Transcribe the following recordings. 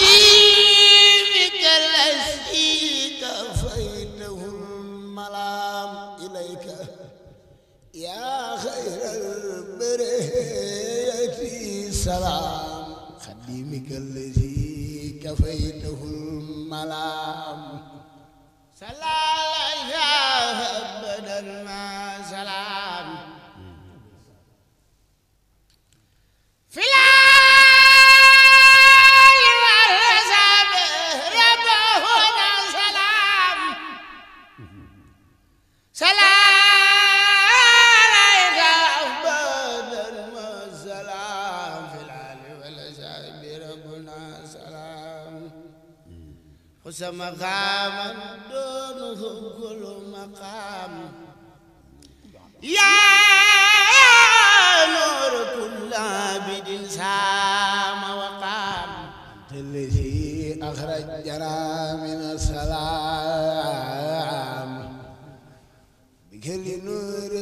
حبيبك الذي كفيته الملام إليك يا خير البرية سلام خديمك الذي كفيته الملام صلى الله أبدا ما سلام قسم مقاما دونه كل مقام يا نور كل عبد سام وقام الذي أخرجنا من السلام بكل نور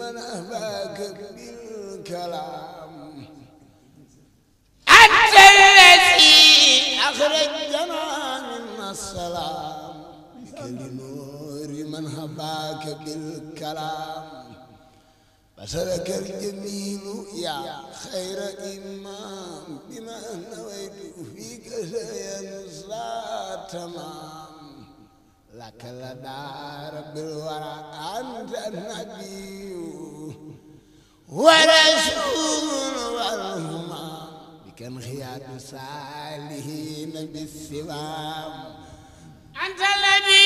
من أهباك بالكلام أسألك الجميل يا خير إمام بما نويت فيك سينسى تمام لك لدى رب الورى أنت النبي ورسول والهمام بك انخياد صالحين بالسوام أنت الذي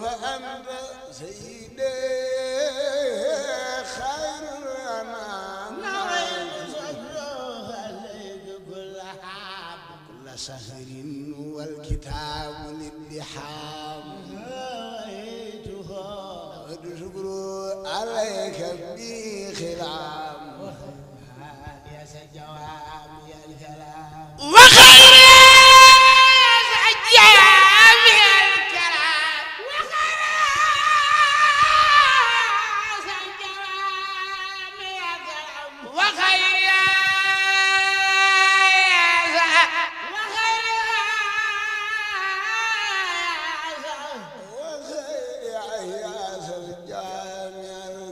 فأنت سيدي خير الأنام نعيم صفوف عليك كل حاب كل سهر والكتاب للدحام وأيتها شكر عليك بخلام يا سجوان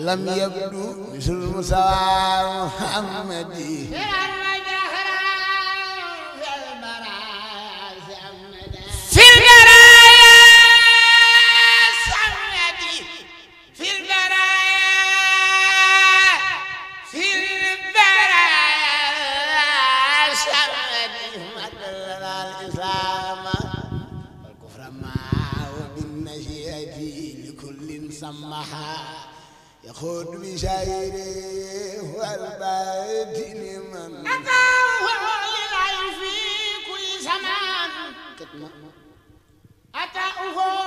لم يبدو مثل مسوى محمد في البرايا سمدي في البرايا في البرايا سمدي مدل الإسلام والكفر معه بالنشيئة لكل سمحا خذ بشعره والباطن من أتاه للعي في كل زمان أتاه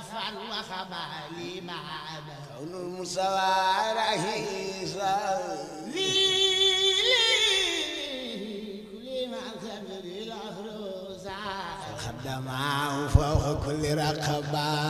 شرفا وخبالي معنا كون المسوى رئيسا لي كل ما ثمر العروسة خدمه فوق كل رقبه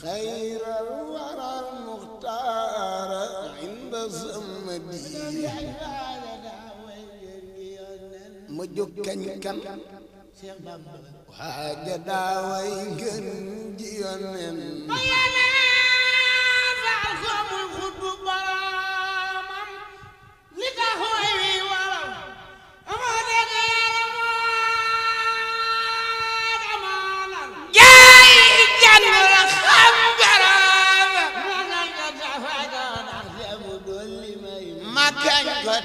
خير الورى المختار عند زمدي مجوك كن كن وحاجة داوي جن جيونن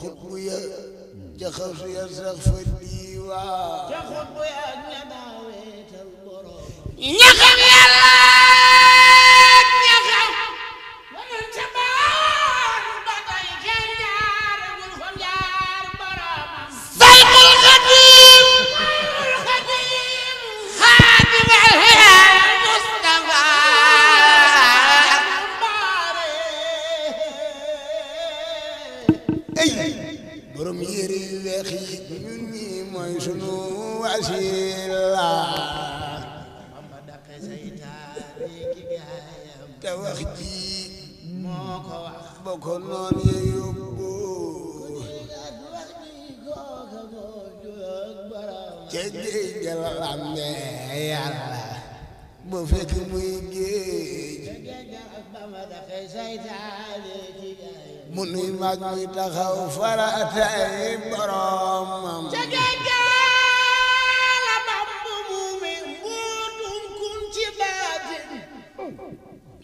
xutbu ya ca xawsu ya sax fa diiwaa ña xam yàlla wasila te wax ji bokk noon ye bu fekk muy géej mu nuy mag muy taxaw farataay boromam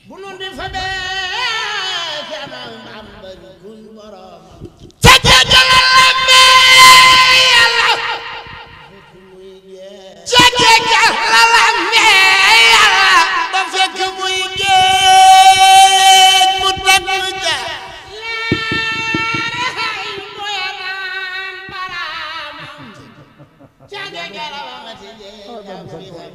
bunun di fa bee fi amal am bari ca ca jalal la mee yàlla ca ca jalal la mee yàlla ba fekk muy géej mu tagg ja leeray mooy naan baraam ca ca jalal la mee yàlla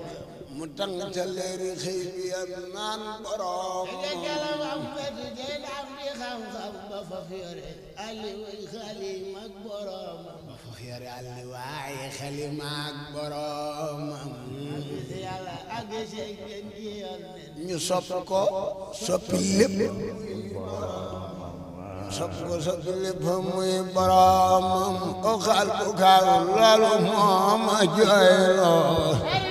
mu tàng ca leeri xëy bi ak naan borom jalamam fati teen am di xam-xam ba faf yore alliway xalim ak boromam ba faf yore alliwaay xalim ak boromam yàlla ak seen gën ji yoon ñu sopp ko soppi lépp sopp ko soppi lépp muy boromam o xal bu kaaru loolu mooma jooyloo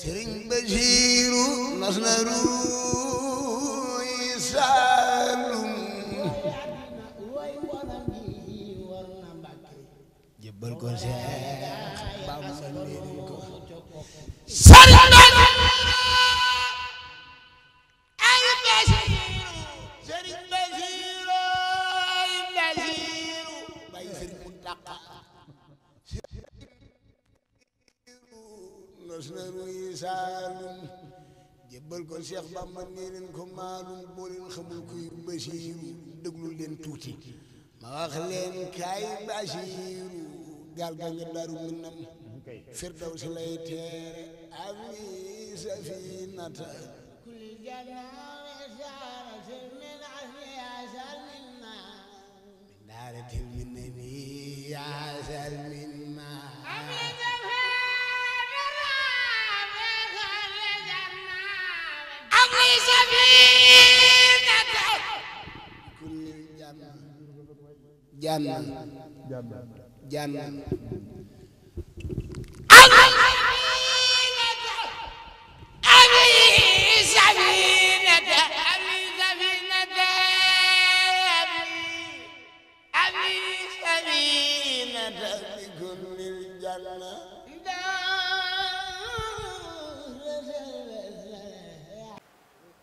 sëriñ Basiiru nas na ruuy Saalum jébbal ko Seex Bamba rosleru yi saalum jébbal ko Cheikh Bamba nii leen ko maalum boo leen xamul kuy basiiru déglu leen tuuti ma wax leen kaay basiiru gaal ga nga daaru minam firdaws lay teere ami safinata kul janaawe saarate min asiya salminna min daaratil minami jàmm jàmm jàmm